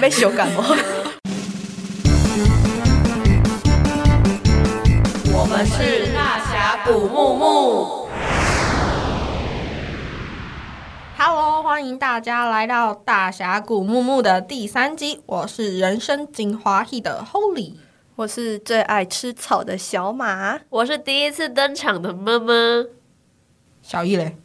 被修改嗎？ 我們是大俠谷慕慕。Hello，歡迎大家來到大俠谷慕慕的第三集。我是人生精華系的 Holy，我是最愛吃草的小馬，我是第一次登場的媽媽，小易嘞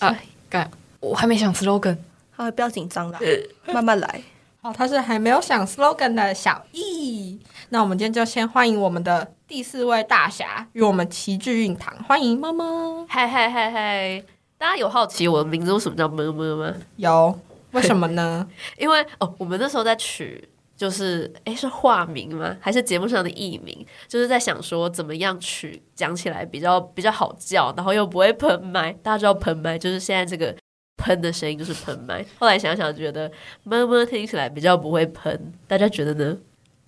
哎，幹、啊，乾我還沒想 slogan 啊，不要緊張啦， 慢慢來。哦、他是還沒有想 slogan 的小易，那我們今天就先歡迎我們的第四位大俠與我們齊聚一堂，歡迎慕慕，嘿嘿嘿嘿！大家有好奇我的名字為什麼叫慕慕嗎？有，為什麼呢？ 因為哦，我們那時候在取，就是誒、欸，是化名嗎？還是節目上的藝名？就是在想說怎麼樣取，講起來比較比較好叫，然後又不會噴麥。大家知道噴麥就是現在這個。噴的聲音就是噴麥，後來想想覺得“慕慕”聽起來比較不會噴，大家覺得呢？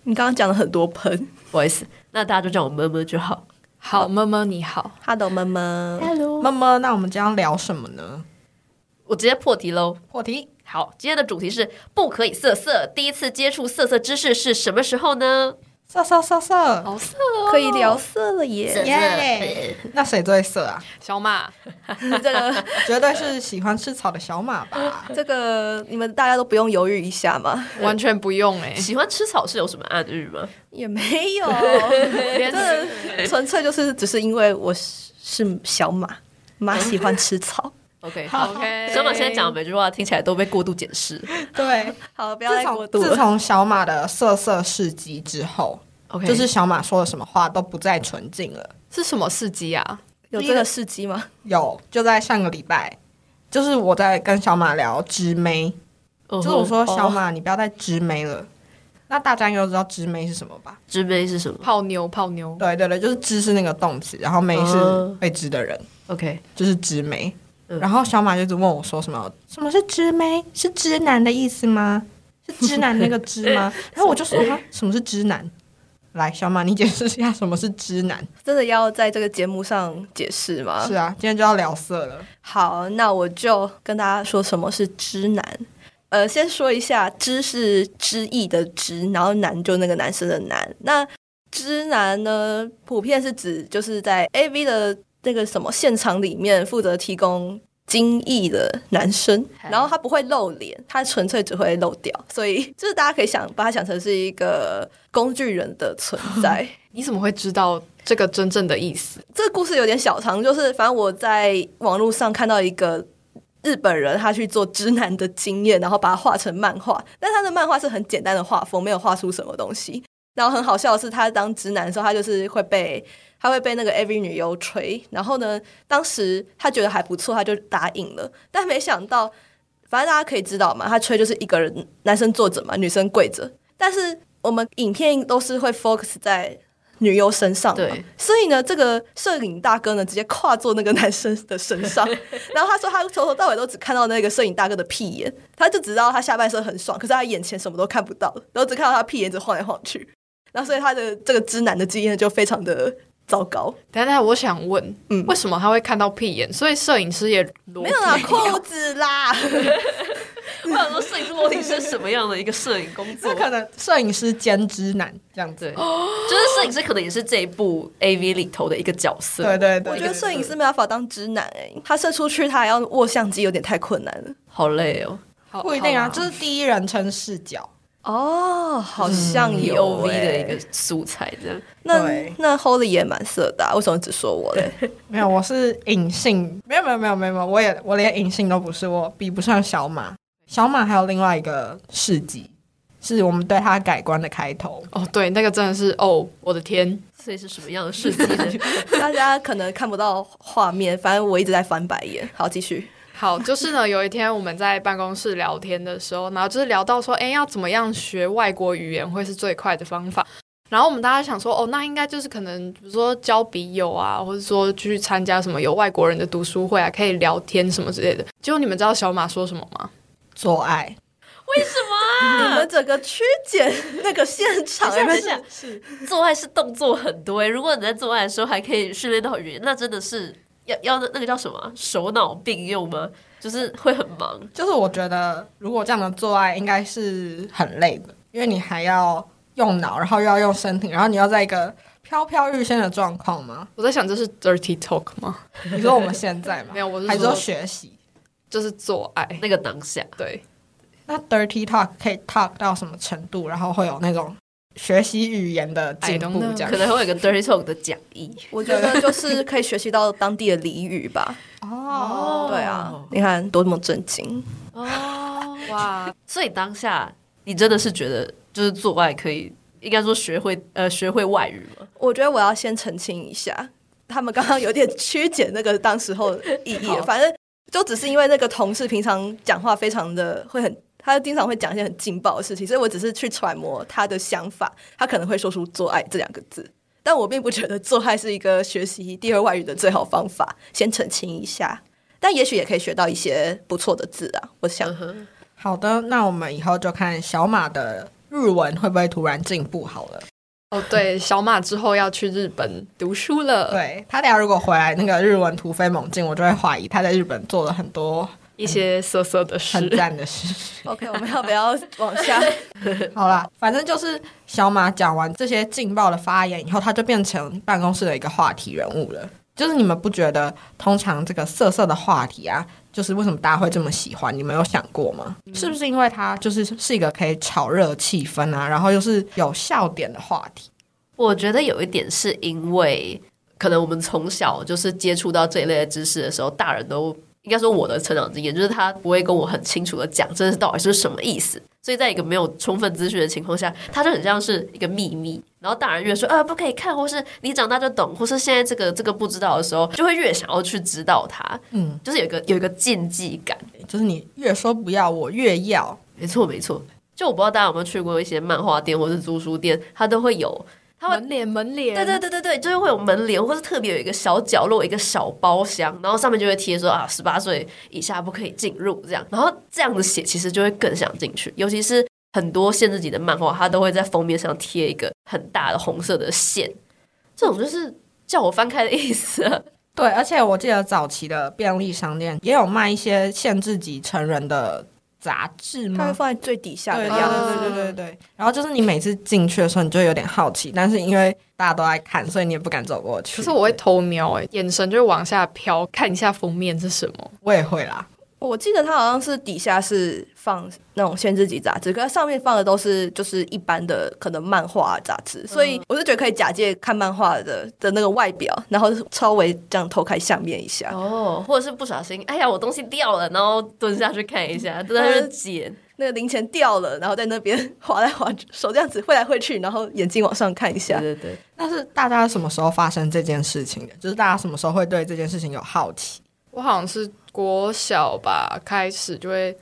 你剛剛講了很多噴，不好意思，那大家就叫我“慕慕”就好。好，慕慕你好，哈嘍慕慕，Hello 慕慕 Hello.，那我們今天要聊什麼呢？我直接破題嘍，破題。好，今天的主題是不可以色色，第一次接觸色色知識是什麼時候呢？色色色色，so, so, so, so. 好色哦！可以聊色了耶耶！Yeah, Yeah. 那誰最色啊？小馬，嗯、這個 絕對是喜歡吃草的小馬吧？嗯、這個你們大家都不用猶豫一下嗎？完全不用哎、欸！ 喜歡吃草是有什麼暗喻嗎？也沒有，真的，這純粹就是只是因為我是小馬，馬喜歡吃草。 OK，OK。小馬現在講的每句話聽起來都被過度解釋。對，好了，不要再過度了。自從小馬的色色事蹟之後，OK，就是小馬說的什麼話都不再純淨了。是什麼事蹟啊？有這個事蹟嗎？有，就在上個禮拜，就是我在跟小馬聊直妹，就是我說小馬，你不要再直妹了。那大家應該知道直妹是什麼吧？直妹是什麼？泡妞，泡妞。對對對，就是直是那個動詞，然後妹是被直的人。OK，就是直妹。嗯、然後小馬就一直問我說：“什麼？什麼是汁妹？是汁男的意思嗎？是汁男那個汁嗎？” 然後我就說：“什麼是汁男？”來，小馬，你解釋一下什麼是汁男。真的要在這個節目上解釋嗎？是啊，今天就要聊色了，嗯。好，那我就跟大家說什麼是汁男。呃，先說一下，汁是汁液的汁，然後男就那個男生的男。那汁男呢，普遍是指就是在 A V 的那個什麼現場裡面負責提供精液的男生，Okay. 然後他不會露臉，他純粹只會露掉，所以就是大家可以想把他想成是一個工具人的存在。 你怎麼會知道這個真正的意思？這個故事有點小長，就是反正我在網絡上看到一個日本人，他去做汁男的經驗，然後把它畫成漫畫，但他的漫畫是很簡單的畫風，沒有畫出什麼東西。然後很好笑的是，他當直男的時候，他就是會被他會被那個 AV 女優吹。然後呢，當時他覺得還不錯，他就答應了。但沒想到，反正大家可以知道嘛，他吹就是一個人男生坐着嘛，女生跪着。但是我們影片都是會 focus 在女優身上，對。所以呢，這個攝影大哥呢，直接跨坐那個男生的身上。 然後他說，他從頭到尾都只看到那個攝影大哥的屁眼，他就知道他下半身很爽，可是他眼前什麼都看不到，然後只看到他屁眼一直晃來晃去。然後所以他的這個汁男的經驗就非常的糟糕。等等，我想問，嗯，為什麼他會看到屁眼？所以攝影師也，也沒有啊，褲子啦。 我想說，攝影師模型是什麼樣的一個攝影工作？ 可能攝影師兼汁男這樣子，就是攝影師可能也是這一部 A V 裡頭的一個角色。對對，對對，我覺得攝影師沒辦法當汁男誒，他射出去他還要握相機，有點太困難了，好累哦、喔。好好不一定啊，這、就是第一人稱視角。哦，oh, 就是、好像有、欸、POV 的一個素材這樣。那對那 Holly 也蠻色的，為什麼只說我嘞？沒有，我是隱性，沒有沒有沒有沒有，我也我連隱性都不是，我比不上小馬。小馬還有另外一個事蹟，是我們對他改觀的開頭。哦，oh, 對，那個真的是哦，我的天，所以是什麼樣的事跡？ 大家可能看不到畫面，反正我一直在翻白眼。好，繼續。 好，就是呢，有一天我們在辦公室聊天的時候，然後就是聊到說，哎，要怎麼樣學外國語言會是最快的方法？然後我們大家想說，哦，那應該就是可能，比如說交筆友啊，或者說去參加什麼有外國人的讀書會啊，可以聊天什麼之類的。結果你們知道小馬說什麼嗎？做愛？為什麼？ 你們整個曲解那個現場，而且是做愛是動作很多耶。如果你在做愛的時候還可以訓練到語言，那真的是。要要那個叫什麼？手腦並用嗎？就是會很忙。就是我覺得，如果這樣的做愛，應該是很累的，因為你還要用腦，然後又要用身體，然後你要在一個飄飄欲仙的狀況嗎？我在想，這是 dirty talk 嗎？你說我們現在嘛 沒有，我是說,還說學習就是做愛那個當下？對。那 dirty talk 可以 talk 到什麼程度？然後會有那種。學習語言的節目可能會有一個 dirty talk 的講義，我覺得就是可以學習到當地的俚語吧。哦，對啊，你看多麼震驚哦哇。所以當下你真的是覺得就是做愛可以應該說學會呃學會外語嗎？我覺得我要先澄清一下，他們剛剛有點曲解那個當時候意義，反正就只是因為那個同事平常講話非常的會很。他經常會講一些很勁爆的事情，所以我只是去揣摩他的想法，他可能會說出“做愛”這兩個字，但我並不覺得做愛是一個學習第二外語的最好方法。先澄清一下，但也許也可以學到一些不錯的字啊。我想，uh huh. 好的，那我們以後就看小馬的日文會不會突然進步好了。哦，oh, 對，小馬之後要去日本讀書了， 對他倆如果回來那個日文突飛猛進，我就會懷疑他在日本做了很多。一些色色的事，嗯、很讚的事。 OK，我們要不要往下？ 好啦，反正就是小馬講完這些勁爆的發言以後，他就變成辦公室的一個話題人物了。就是你們不覺得，通常這個色色的話題啊，就是為什麼大家會這麼喜歡？你們有想過嗎？嗯、是不是因為它就是是一個可以炒熱氣氛啊，然後又是有笑點的話題？我覺得有一點是因為，可能我們從小就是接觸到這一類的知識的時候，大人都。應該說我的成長經驗就是他不會跟我很清楚地講，這是到底是什麼意思。所以在一個沒有充分資訊的情況下，他就很像是一個秘密。然後大人越說呃，不可以看，或是你長大就懂，或是現在這個這個不知道的時候，就會越想要去知道它。嗯，就是有一個有一個禁忌感，就是你越說不要，我越要。沒錯沒錯，就我不知道大家有沒有去過一些漫畫店或是租書店，它都會有。他會門簾門簾，對對對對對，就是會有門簾，嗯、或是特別有一個小角落，一個小包廂，然後上面就會貼說啊，十八歲以下不可以進入這樣。然後這樣子寫，其實就會更想進去。尤其是很多限制級的漫畫，他都會在封面上貼一個很大的紅色的線，這種就是叫我翻開的意思，啊。對，而且我記得早期的便利商店也有賣一些限制級成人的雜誌嗎？它會放在最底下的樣子、啊、對對對對對。然後就是你每次進去的時候，你就有點好奇，但是因為大家都愛看，所以你也不敢走過去。可是我會偷瞄、欸，誒對，眼神就往下飄，看一下封面是什麼。我也會啦。我記得它好像是底下是放那種限制級雜誌，可，它上面放的都是就是一般的可能漫畫雜誌，所以我是覺得可以假借看漫畫的的那個外表，然後是稍微這樣偷開下面一下哦，或者是不小心哎呀我東西掉了，然後蹲下去看一下，蹲下去撿那個零錢掉了，然後在那邊滑來滑去，手這樣子揮來揮去，然後眼睛往上看一下，對對對。但是大家什麼時候發生這件事情的？就是大家什麼時候會對這件事情有好奇？我好像是，國小吧，開始就會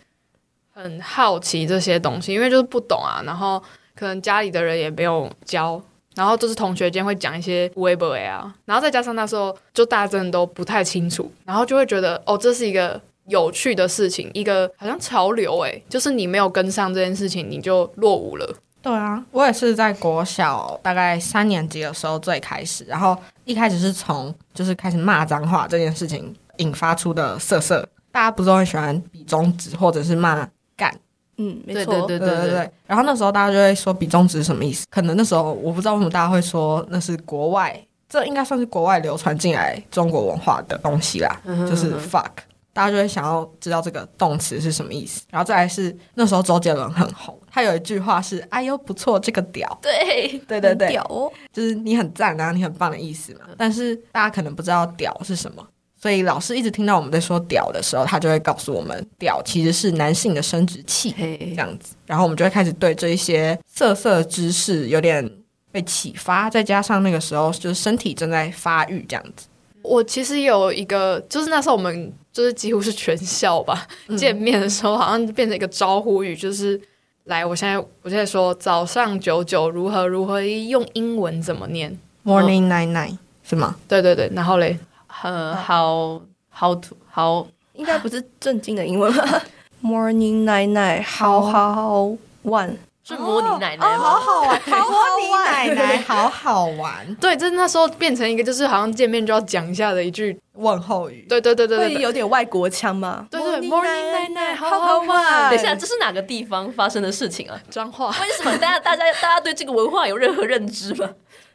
很好奇這些東西，因為就是不懂啊，然後可能家裡的人也沒有教，然後就是同學間會講一些微博啊，然後再加上那時候就大家真的都不太清楚，然後就會覺得哦，這是一個有趣的事情，一個好像潮流誒、欸。就是你沒有跟上這件事情，你就落伍了。對啊，我也是在國小大概三年級的時候最開始，然後一開始是從就是開始罵髒話這件事情。引發出的色色，大家不是都很喜歡比中指或者是罵幹？嗯，沒錯，對對對對對對。然後那時候大家就會說比中指什麼意思？可能那時候我不知道為什麼大家會說那是國外，這應該算是國外流傳進來中國文化的東西啦，嗯哼嗯哼，就是 fuck，大家就會想要知道這個動詞是什麼意思。然後再來是那時候周杰倫很紅，他有一句話是“哎呦不錯這個屌”，對對對對，屌哦，就是你很讚然後你很棒的意思嘛。但是大家可能不知道屌是什麼。所以老師一直聽到我們在說“屌”的時候，他就會告訴我們“屌”其實是男性的生殖器這樣子。Hey. 然後我們就會開始對這一些色色知識有點被啟發。再加上那個時候就是身體正在發育這樣子。我其實有一個，就是那時候我們就是幾乎是全校吧見面的時候，好像變成一個招呼語，就是“來，我現在我現在說早上九九如何如何用英文怎麼念？Morning nine、嗯、nine 是嗎？對對對，然後嘞。”呃，好好土好，應該不是正經的英文吧？Morning 奶奶，好好玩，是摸你奶奶嗎？好好玩，摸你奶奶，好好玩。對，就是那時候變成一個，就是好像見面就要講一下的一句問候語。對對對對，會有點外國腔嘛。對對，Morning 奶奶，好好玩。等一下，這是哪個地方發生的事情啊？彰化？為什麼大家大家大家對這個文化有任何認知嗎？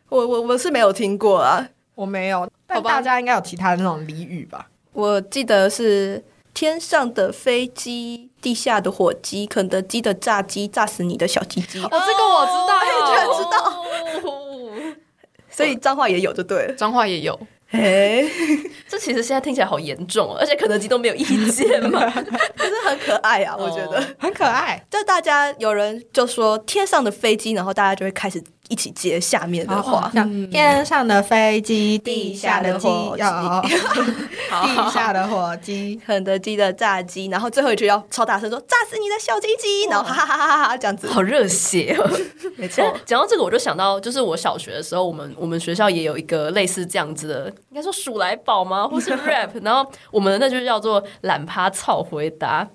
我我我是沒有聽過啊。我沒有，但大家應該有其他的那種俚語吧？吧我記得是天上的飛機，地下的火雞，肯德基的炸雞，炸死你的小雞雞。哦、oh，這個我知道，oh、你居然知道，Wow 所以髒話也有就對了，髒話、wow、也有。哎 Hey， 這其實現在聽起來好嚴重、啊，而且肯德基都沒有意見嘛， 可是很可愛啊，oh、我覺得很可愛。就大家有人就說天上的飛機，然後大家就會開始。一起接下面的話，oh, oh，像天上的飛機，地下的火，要、嗯、地下的火雞，肯德基的炸雞，然後最後一句要超大聲說炸死你的小雞雞，哇然後哈哈哈哈哈哈這樣子，好熱血哦、喔！ 沒錯錯，講到這個我就想到，就是我小學的時候，我們我們學校也有一個類似這樣子的，應該說鼠來寶嗎，或是 rap， 然後我們的那就叫做懶趴草回答。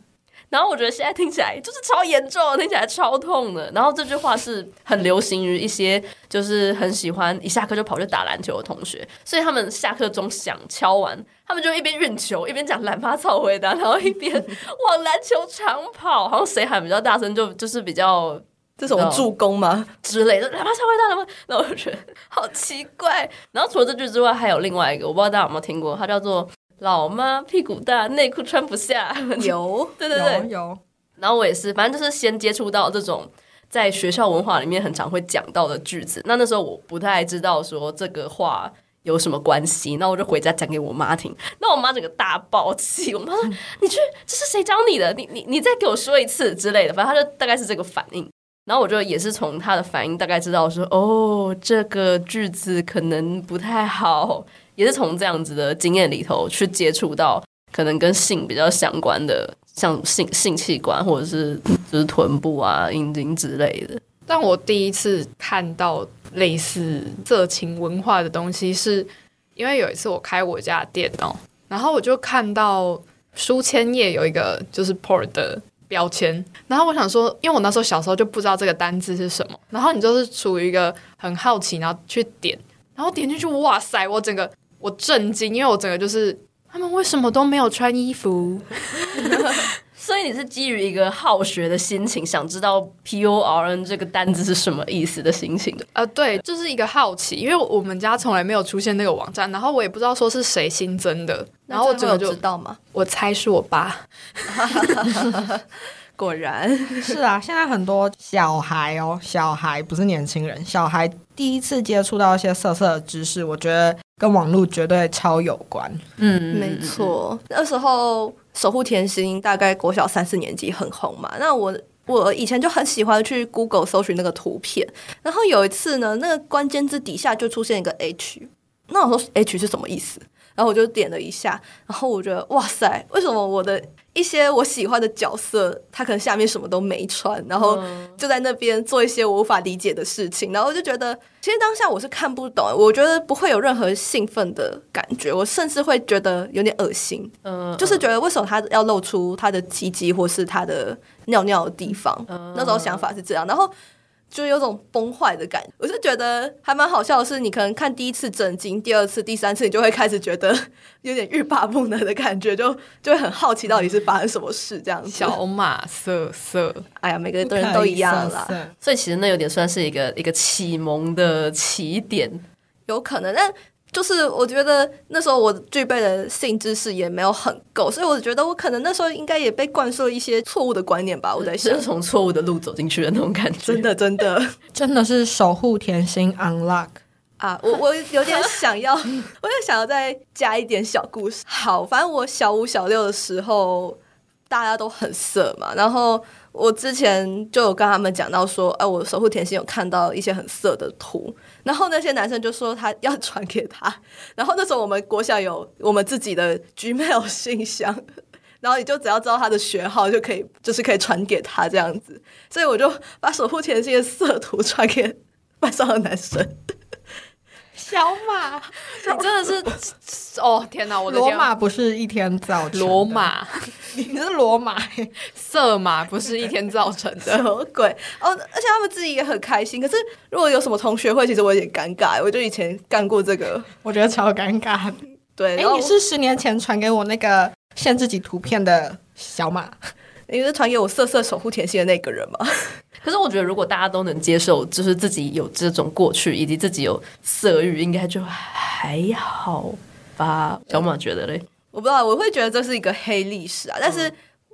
然後我覺得現在聽起來就是超嚴重，聽起來超痛的。然後這句話是很流行於一些就是很喜歡一下課就跑去打籃球的同學，所以他們下課鐘響敲完，他們就一邊運球一邊講“藍髮草回答”，然後一邊往籃球場跑，好像誰喊比較大聲就就是比較這種助攻嗎之類的“藍发草回答了嗎”他們，那我覺得好奇怪。然後除了這句之外，還有另外一個，我不知道大家有沒有聽過，它叫做。老媽屁股大，內褲穿不下。有有， 對對對，有。有然後我也是，反正就是先接觸到這種在學校文化裡面很常會講到的句子。那那時候我不太知道說這個話有什麼關係，那我就回家講給我媽聽。那我媽整個大爆氣，我媽說：“你去，這是誰教你的？你你你再給我說一次之類的。”反正她就大概是這個反應。然後我就也是從她的反應大概知道說：“哦，這個句子可能不太好。”也是從這樣子的經驗裡頭去接觸到可能跟性比較相關的，像性性器官或者是就是臀部啊、陰莖之類的。但我第一次看到類似色情文化的東西是，是因為有一次我開我家的電腦，然後我就看到書籤頁有一個就是 porn 的標籤，然後我想說，因為我那時候小時候就不知道這個單字是什麼，然後你就是處於一個很好奇，然後去點，然後點進去，哇塞，我整個。我震驚，因為我整個就是他們為什麼都沒有穿衣服？ 所以你是基於一個好學的心情，想知道 P O R N 這個單字是什麼意思的心情的啊、呃？對，就是一個好奇，因為我們家從來沒有出現那個網站，然後我也不知道說是誰新增的，然後我就後知道嗎？我猜是我爸， 果然是啊！現在很多小孩哦，小孩不是年輕人，小孩第一次接觸到一些色色的知識，我覺得。跟網絡絕對超有關，嗯，沒錯。那時候《守護甜心》大概國小三四年級很紅嘛，那我我以前就很喜歡去 Google 搜尋那個圖片，然後有一次呢，那個關鍵字底下就出現一個 H，那我說 H 是什麼意思？然後我就點了一下，然後我覺得哇塞，為什麼我的一些我喜歡的角色，他可能下面什麼都沒穿，然後就在那邊做一些我無法理解的事情，嗯、然後我就覺得其實當下我是看不懂，我覺得不會有任何興奮的感覺，我甚至會覺得有點惡心，嗯，嗯，就是覺得為什麼他要露出他的雞雞或是他的尿尿的地方？嗯嗯，那時候想法是這樣，然後。就有種崩壞的感覺，我是覺得還蠻好笑的，是你可能看第一次震驚，第二次、第三次，你就會開始覺得有點欲罷不能的感覺，就就會很好奇到底是發生什麼事這樣子。小馬色色，色色，哎呀，每個人都一樣了啦。不可以色色。所以其實那有點算是一個一個啟蒙的起點，嗯。有可能呢。但。就是我覺得那時候我具備的性知識也沒有很夠，所以我覺得我可能那時候應該也被灌輸了一些錯誤的觀念吧。我在想是從錯誤的路走進去的那種感覺， 真的真的真的是守護甜心、啊、unlock 啊！我我有點想要， 我也想要再加一點小故事。好，反正我小五小六的時候。大家都很色嘛，然後我之前就有跟他們講到說，哎、啊，我守護甜心有看到一些很色的圖，然後那些男生就說他要傳給他，然後那時候我們國小有我們自己的 Gmail 信箱，然後你就只要知道他的學號就可以，就是可以傳給他這樣子，所以我就把守護甜心的色圖傳給班上的男生。小馬，小馬你真的是 哦！天吶，我的天啊，羅馬不是一天造成的，羅馬， 你是羅馬色馬不是一天造成的， 鬼哦！而且他們自己也很開心。可是如果有什麼同學會，其實我有點尷尬。我就以前幹過這個，我覺得超尷尬。對，哎、欸，你是十年前傳給我那個獻自己圖片的小馬， 你是傳給我色色守護甜心的那個人嗎？可是我覺得，如果大家都能接受，就是自己有這種過去，以及自己有色欲，應該就還好吧？小馬覺得嘞，嗯、我不知道，我會覺得這是一個黑歷史啊。但是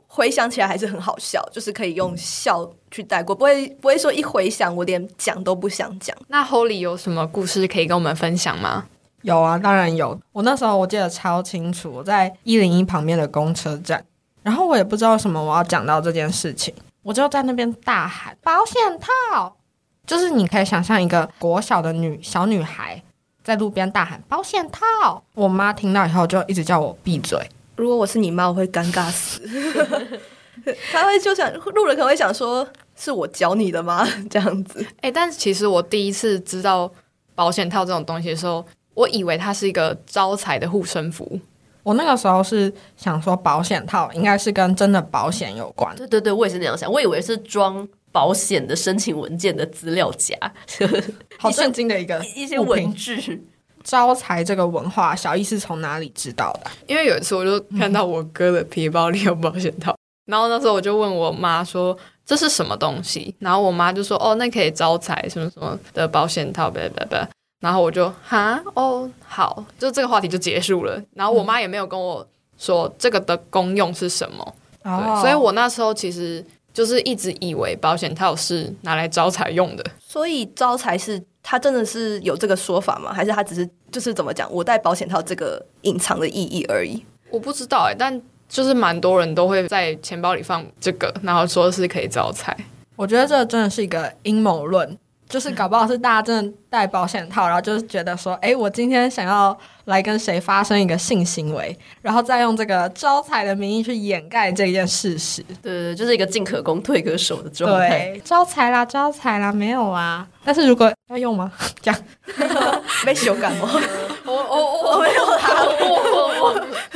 回想起來還是很好笑，就是可以用笑去帶過，嗯、不會不會說一回想我連講都不想講。那 Holy 有什麼故事可以跟我們分享嗎？有啊，當然有。我那時候我記得超清楚，我在一零一旁邊的公車站，然後我也不知道什麼，我要講到這件事情。我就在那邊大喊“保險套”，就是你可以想象一個國小的女小女孩在路邊大喊“保險套”。我媽聽到以後就一直叫我閉嘴。如果我是你媽，我會尷尬死。她 會就想路人可能會想說：“是我教你的嗎？”這樣子。哎、欸，但是其實我第一次知道保險套這種東西的時候，我以為它是一個招財的護身符。我那個時候是想說，保險套應該是跟真的保險有關。對對對，我也是那樣想，我以為是裝保險的申請文件的資料夾， 好震驚的一個一,一,一些文具。招財這個文化，小易是從哪裡知道的？因為有一次我就看到我哥的皮包裡有保險套，嗯、然後那時候我就問我媽說這是什麼東西，然後我媽就說哦，那可以招財什麼什麼的保險套，唄唄唄然後我就哈哦好，就這個話題就結束了。然後我媽也沒有跟我說這個的功用是什麼，嗯、對，所以，我那時候其實就是一直以為保險套是拿來招財用的。所以招財是它真的是有這個說法嗎？還是它只是就是怎麼講？我戴，保險套這個隱藏的意義而已？我不知道哎、欸，但就是蠻多人都會在錢包裡放這個，然後說是可以招財。我覺得這真的是一個陰謀論。就是搞不好是大家真的戴保險套，然後就是覺得說，哎、欸，我今天想要來跟誰發生一個性行為，然後再用這個招財的名義去掩蓋這一件事實。對對，就是一個進可攻退可守的狀態。對，招財啦，招財啦，沒有啊。但是如果要用嗎？ 這樣被修改嗎？我我我沒有啊過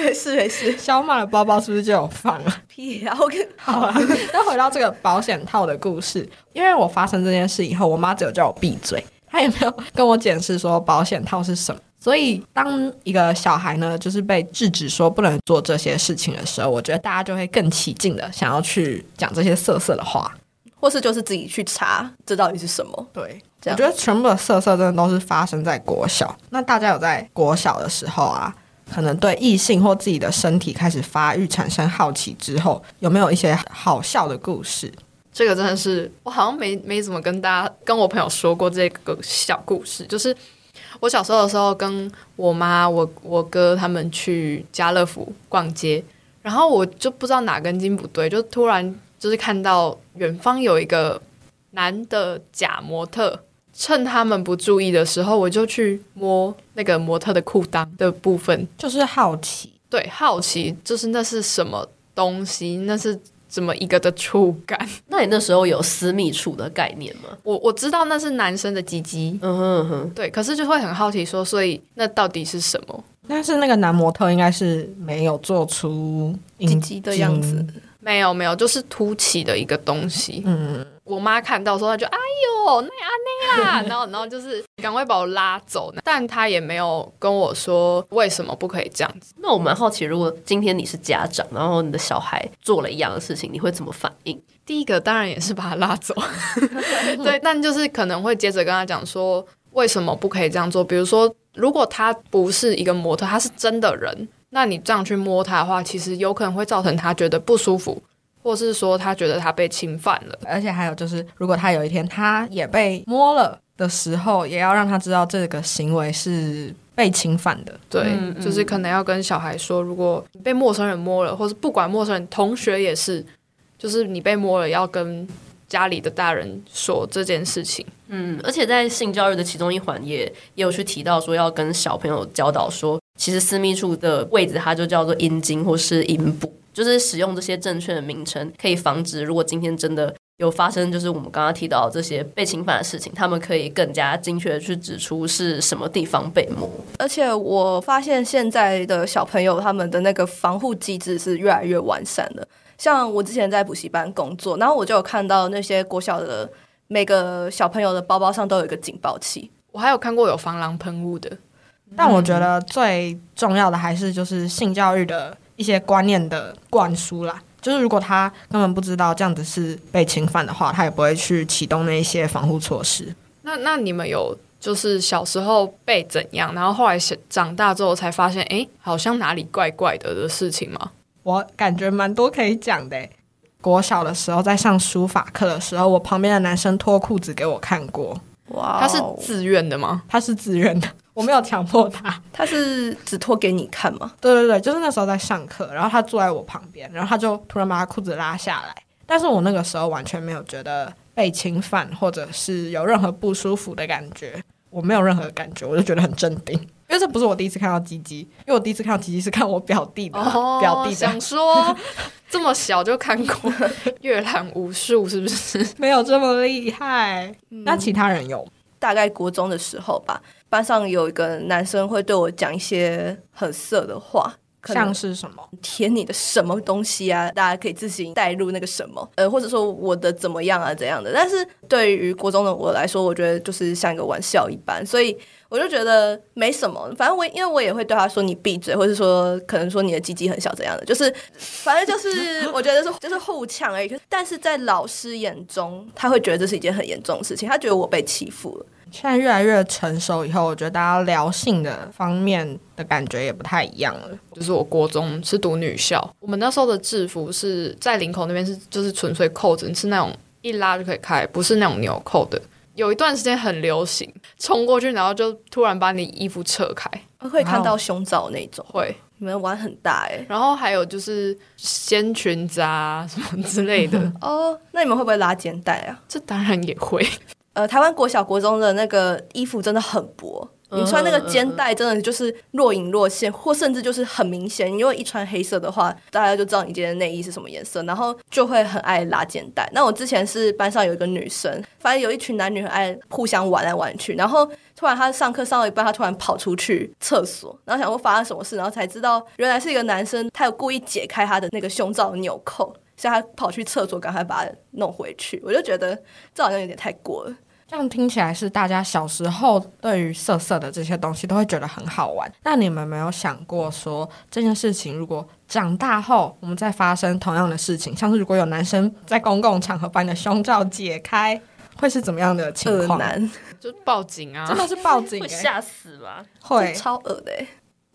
沒事沒事，小馬的包包是不是就有放？P L 跟好啊。那 回到這個保險套的故事， 因為我發生這件事以後，我媽只有叫我閉嘴， 她也沒有跟我解釋說保險套是什麼。所以當一個小孩呢，就是被制止說不能做這些事情的時候，我覺得大家就會更起勁的想要去講這些色色的話，或是就是自己去查這到底是什麼。對，樣我覺得全部的色色真的都是發生在國小。那大家有在國小的時候啊？可能對異性，或自己的身體開始發育產生好奇之後，有沒有一些好笑的故事？這個真的是我好像沒沒怎麼跟大家跟我朋友說過這個小故事。就是我小時候的時候跟我媽、我我哥他們去家樂福逛街，然後我就不知道哪根筋不對，就突然就是看到遠方有一個男的假模特。趁他們不注意的時候，我就去摸那個模特的褲襠的部分，就是好奇，對，好奇，就是那是什麼東西，那是怎麼一個的觸感？那你那時候有私密處的概念嗎？我我知道那是男生的雞雞，嗯哼，嗯哼，對，可是就會很好奇說，所以那到底是什麼？但是那個男模特應該是沒有做出雞雞的樣子。沒有沒有，就是凸起的一個東西。嗯，我媽看到說，她就哎呦，那樣那、啊、樣，然後然後就是趕快把我拉走。但她也沒有跟我說為什麼不可以這樣子。嗯、那我蠻好奇，如果今天你是家長，然後你的小孩做了一樣的事情，你會怎麼反應？第一個當然也是把他拉走。 對，但就是可能會接着跟他講說為什麼不可以這樣做。比如說，如果他不是一個模特，他是真的人。那你這樣去摸他的話，其實有可能會造成他覺得不舒服，或是說他覺得他被侵犯了。而且還有就是，如果他有一天他也被摸了的時候，也要讓他知道這個行為是被侵犯的。對，就是可能要跟小孩說，如果被陌生人摸了，或是不管陌生人，同學也是，就是你被摸了，要跟家裡的大人說這件事情。嗯，而且在性教育的其中一環，也也有去提到說，要跟小朋友教導說。其實私密處的位置，它就叫做陰莖或是陰部，就是使用這些正確的名稱，可以防止如果今天真的有發生，就是我們剛剛提到的這些被侵犯的事情，他們可以更加精確的去指出是什麼地方被摸。而且我發現現在的小朋友他們的那個防護機制是越來越完善的，像我之前在補習班工作，然後我就有看到那些國小的每個小朋友的包包上都有一個警報器，我還有看過有防狼噴霧的。但我覺得最重要的還是就是性教育的一些觀念的灌輸啦。就是如果他根本不知道這樣子是被侵犯的話，他也不會去啟動那一些防護措施。那那你們有就是小時候被怎樣，然後後來長大之後才發現，哎、欸，好像哪裡怪怪的的事情嗎？我感覺蠻多可以講的。國小的時候在上書法課的時候，我旁邊的男生脫褲子給我看過。哇，他是自願的嗎？他是自願的。我沒有強迫他，他是只脫給你看嘛？對對對，就是那時候在上課，然後他坐在我旁邊，然後他就突然把他褲子拉下來，但是我那個時候完全沒有覺得被侵犯，或者是有任何不舒服的感覺，我沒有任何感覺，我就覺得很鎮定，因為這不是我第一次看到雞雞，因為我第一次看到雞雞是看我表弟嘛、啊，哦、表弟想說這麼小就看過了，閱覽 無數是不是？沒有這麼厲害，那其他人有、嗯？大概國中的時候吧。班上有一個男生會對我講一些很色的話，像是什麼舔你的什麼東西啊？大家可以自行帶入那個什麼，呃，或者說我的怎麼樣啊怎樣的？但是對於國中的我來說，我覺得就是像一個玩笑一般，所以我就覺得沒什麼。反正我因為我也會對他說你閉嘴，或是說可能說你的雞雞很小怎樣的，就是反正就是我覺得是就是互嗆而已。但是在老師眼中，他會覺得這是一件很嚴重的事情，他覺得我被欺負了。現在越來越成熟以後，我覺得大家聊性的方面的感覺也不太一樣了。就是我國中是讀女校，我們那時候的制服是在領口那邊是就是純粹扣子，你是那種一拉就可以開，不是那種紐扣的。有一段時間很流行，衝過去然後就突然把你衣服扯開，啊，會看到胸罩那種。會，你們玩很大哎，欸。然後還有就是掀裙子啊什麼之類的。 哦，那你們會不會拉肩帶啊？這當然也會。呃，臺灣國小國中的那個衣服真的很薄，你穿那個肩帶真的就是若隱若現，或甚至就是很明顯，因為一穿黑色的話，大家就知道你今天的內衣是什麼顏色，然後就會很愛拉肩帶。那我之前是班上有一個女生，發現有一群男女很愛互相玩來玩去，然後突然他上課上到一半，他突然跑出去廁所，然後想說發生什麼事，然後才知道原來是一個男生，他有故意解開他的那個胸罩紐扣，所以他跑去廁所趕快把它弄回去，我就覺得這好像有點太過了。這樣聽起來是大家小時候對於色色的這些東西都會覺得很好玩。那你們沒有想過說，這件事情，如果長大後我們再發生同樣的事情，像是如果有男生在公共場合把你的胸罩解開，會是怎麼樣的情況？難 就報警啊！真的是報警、欸，會嚇死嗎？會超惡的、欸。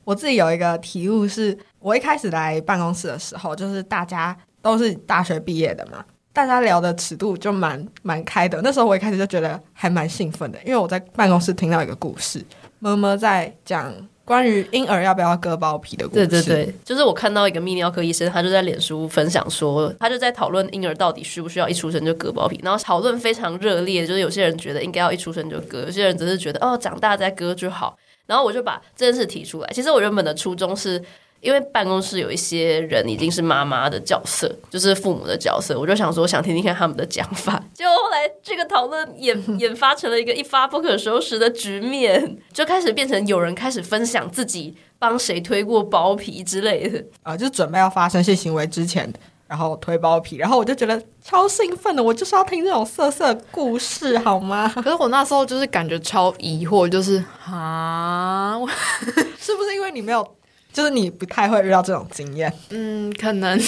我自己有一個體悟，是我一開始來辦公室的時候，就是大家都是大學畢業的嘛。大家聊的尺度就蠻蠻開的，那時候我一開始就覺得還蠻興奮的，因為我在辦公室聽到一個故事，慕慕在講關於嬰兒要不要割包皮的故事。對對對，就是我看到一個泌尿科醫生，他就在臉書分享說，他就在討論嬰兒到底需不需要一出生就割包皮，然後討論非常熱烈，就是有些人覺得應該要一出生就割，有些人則是覺得，哦，長大再割就好。然後我就把這件事提出來，其實我原本的初衷是。因為辦公室有一些人已經是媽媽的角色，就是父母的角色，我就想說，想聽聽看他們的講法。結果後來這個討論演演發成了一個一發不可收拾的局面， 就開始變成有人開始分享自己幫誰推過包皮之類的啊、呃，就是準備要發生一些行為之前，然後推包皮，然後我就覺得超興奮的，我就是要聽這種色色的故事好嗎？ 可是我那時候就是感覺超疑惑，就是啊， 是不是因為你沒有？就是你不太會遇到這種經驗，嗯，可能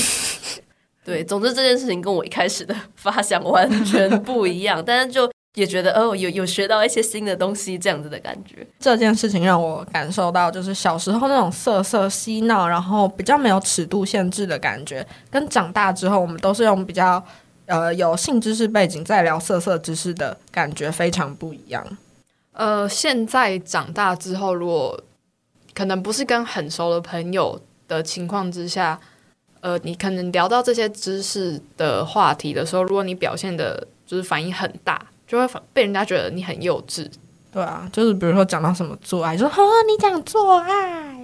對。總之這件事情跟我一開始的發想完全不一樣， 但是就也覺得哦，有有學到一些新的東西，這樣子的感覺。這件事情讓我感受到，就是小時候那種色色嬉鬧，然後比較沒有尺度限制的感覺，跟長大之後我們都是用比較呃有性知識背景在聊色色知識的感覺非常不一樣。呃，現在長大之後，如果可能不是跟很熟的朋友的情況之下，呃，你可能聊到這些知識的話題的時候，如果你表現的就是反應很大，就會被人家覺得你很幼稚。對啊，就是比如說講到什麼做愛，就說呵、哦，你講做愛，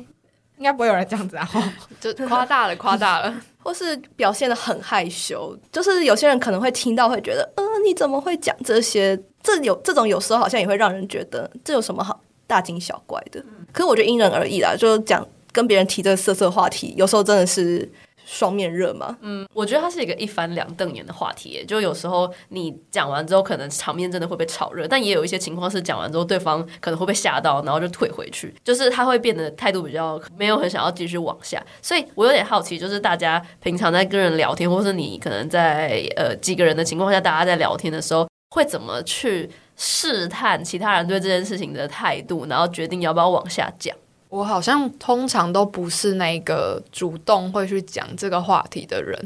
應該不會有人這樣子啊，哦、 就誇大了，誇大了， 或是表現得很害羞。就是有些人可能會聽到會覺得，呃，你怎麼會講這些？這有這種有時候好像也會讓人覺得，這有什麼好大驚小怪的？嗯。可是我覺得因人而異啦，就講跟別人提這個色色話題，有時候真的是雙面熱嘛。嗯，我覺得它是一個一翻兩瞪眼的話題，就有時候你講完之後，可能場面真的會被炒熱，但也有一些情況是講完之後，對方可能會被嚇到，然後就退回去，就是他會變得態度比較沒有很想要繼續往下。所以我有點好奇，就是大家平常在跟人聊天，或是你可能在呃幾個人的情況下，大家在聊天的時候，會怎麼去試探其他人對這件事情的態度，然後決定要不要往下講。我好像通常都不是那個主動會去講這個話題的人，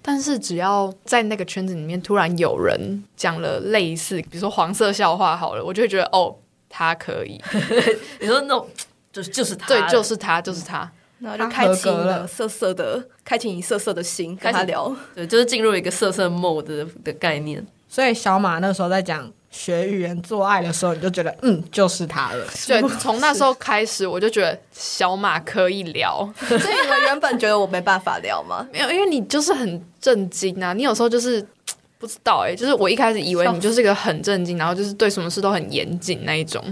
但是只要在那個圈子裡面突然有人講了類似，比如說黃色笑話，好了，我就會覺得哦，他可以。 你說那種、no, 就是就是他，對，就是他，就是他，嗯、然後就開啟了，的色色的，開啟你色色的心，跟他聊，對，就是進入一個色色 mode 的概念。所以小馬那時候在講。學語言做愛的時候，你就覺得嗯，就是他了。對，從那時候開始，我就覺得小馬可以聊。所以你們原本覺得我沒辦法聊嗎？ 沒有，因為你就是很震驚啊！你有時候就是不知道哎、欸，就是我一開始以為你就是一個很正經，然後就是對什麼事都很嚴謹那一種。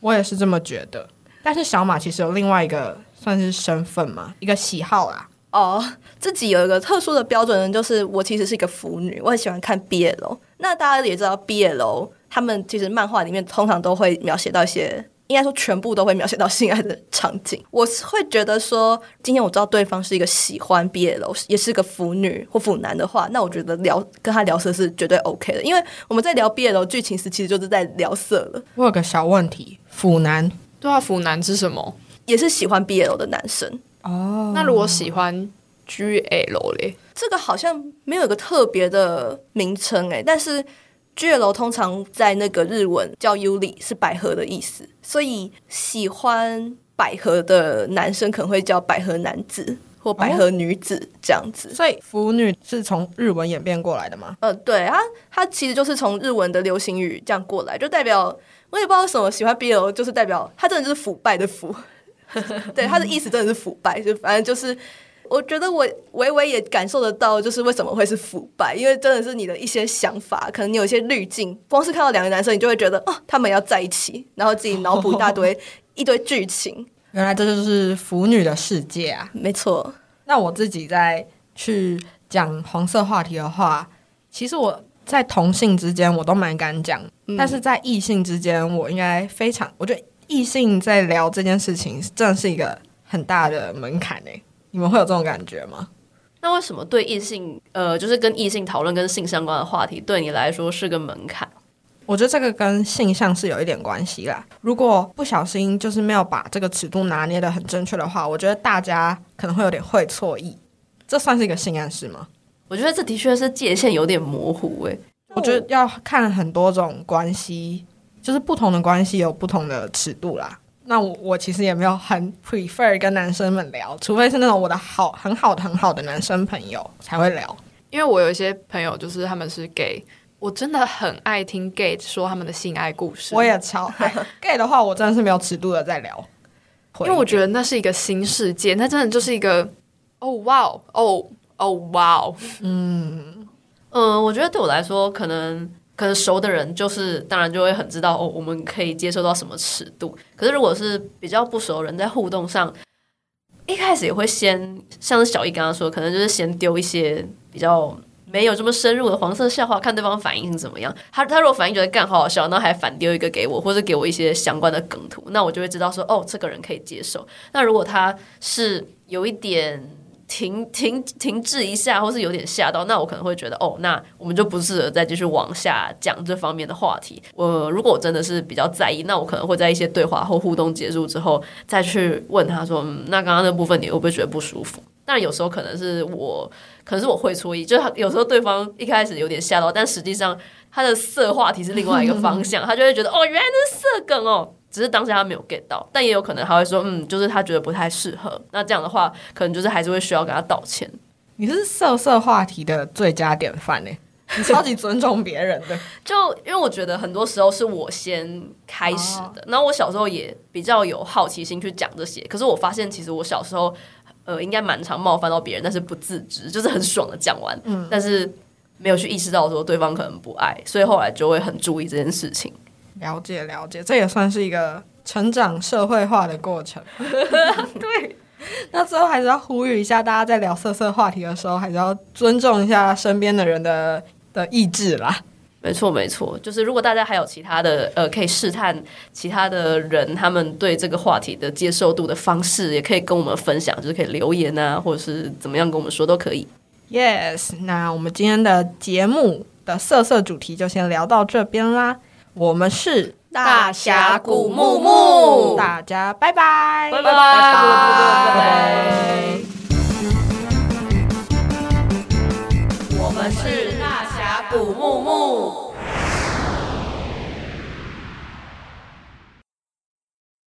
我也是這麼覺得，但是小馬其實有另外一個算是身份嘛，一個喜好啦、啊。哦，oh, 自己有一個特殊的標準，就是我其實是一個腐女，我很喜歡看 BL。那大家也知道 BL，o, 他們其實漫畫裡面通常都會描寫到一些，應該說全部都會描寫到性愛的場景。我是會覺得說，今天我知道對方是一個喜歡 BL，o, 也是個腐女或腐男的話，那我覺得聊跟他聊色是絕對 OK 的，因為我們在聊 BL 劇情時，其實就是在聊色了。我有個小問題，腐男。對啊，腐男是什麼？也是喜歡 BL、o、的男生。哦，oh, 那如果喜歡 G L 呢？這個好像沒有一個特別的名稱哎、欸，但是 G L 通常在那個日文叫尤里，是百合的意思，所以喜歡百合的男生可能會叫百合男子或百合女子、oh, 這樣子。所以腐女是從日文演變過來的嗎？呃，對啊，它其實就是從日文的流行語這樣過來，就代表我也不知道什麼喜歡 B L，就是代表它真的就是腐敗的腐。 對他的意思真的是腐敗，就反正就是，我覺得我微微也感受得到，就是為什麼會是腐敗，因為真的是你的一些想法，可能你有一些濾鏡，光是看到兩個男生，你就會覺得哦，他們要在一起，然後自己腦補一大堆、哦、一堆劇情。原來這就是腐女的世界啊！沒錯，那我自己在去講黃色話題的話，其實我在同性之間我都蠻敢講，嗯、但是在異性之間，我應該非常，我覺得。異性在聊這件事情，真的是一個很大的門檻誒，你們會有這種感覺嗎？那為什麼對異性，呃，就是跟異性討論跟性相關的話題，對你來說是個門檻？我覺得這個跟性向是有一點關係啦。如果不小心，就是沒有把這個尺度拿捏得很正確的話，我覺得大家可能會有點會錯意。這算是一個性暗示嗎？我覺得這的確是界限有點模糊誒，我覺得要看很多種關係。就是不同的關係有不同的尺度啦。那我我其實也沒有很 prefer 跟男生們聊，除非是那種我的好很好的很好的男生朋友才會聊。因為我有一些朋友就是他們是 gay，我真的很愛聽 gay 說他們的性愛故事。我也超愛 gay 的話，我真的是沒有尺度的在聊， 因為我覺得那是一個新世界，那真的就是一個 oh wow，oh，oh wow。嗯嗯，我覺得對我來說可能。可能熟的人就是當然就會很知道哦，我們可以接受到什麼尺度。可是如果是比較不熟的人，在互動上，一開始也會先，像是小易剛剛說，可能就是先丟一些比較沒有這麼深入的黃色笑話，看對方反應是怎麼樣。他他如果反應覺得幹好好笑，那還反丟一個給我，或者給我一些相關的梗圖，那我就會知道說，哦，這個人可以接受。那如果他是有一點。停停停止一下，或是有點嚇到，那我可能會覺得哦，那我們就不適合再繼續往下講這方面的話題。我如果我真的是比較在意，那我可能會在一些對話或互動結束之後，再去問他說：“嗯，那剛剛那部分你會不會覺得不舒服？”但有時候可能是我，可能是我會錯意，就是有時候對方一開始有點嚇到，但實際上他的色話題是另外一個方向，他就會覺得哦，原來是色梗哦。只是當時他沒有 get 到，但也有可能他會說，嗯，就是他覺得不太適合。那這樣的話，可能就是還是會需要跟他道歉。你是色色話題的最佳典範呢。欸，你超級尊重別人的。 就因為我覺得很多時候是我先開始的，哦、然後我小時候也比較有好奇心去講這些。可是我發現，其實我小時候，呃，應該蠻常冒犯到別人，但是不自知，就是很爽的講完，嗯嗯，但是沒有去意識到說對方可能不愛，所以後來就會很注意這件事情。了解了解，這也算是一個成長社會化的過程。 對，那最後還是要呼籲一下，大家在聊色色話題的時候，還是要尊重一下身邊的人的的意志啦。沒錯沒錯，就是如果大家還有其他的呃，可以試探其他的人，他們對這個話題的接受度的方式，也可以跟我們分享，就是可以留言啊，或者是怎麼樣跟我們說都可以。Yes，那我們今天的節目的色色主題就先聊到這邊啦。我們是大俠谷慕慕，大，大家拜拜，拜拜拜。我們是大俠谷慕慕。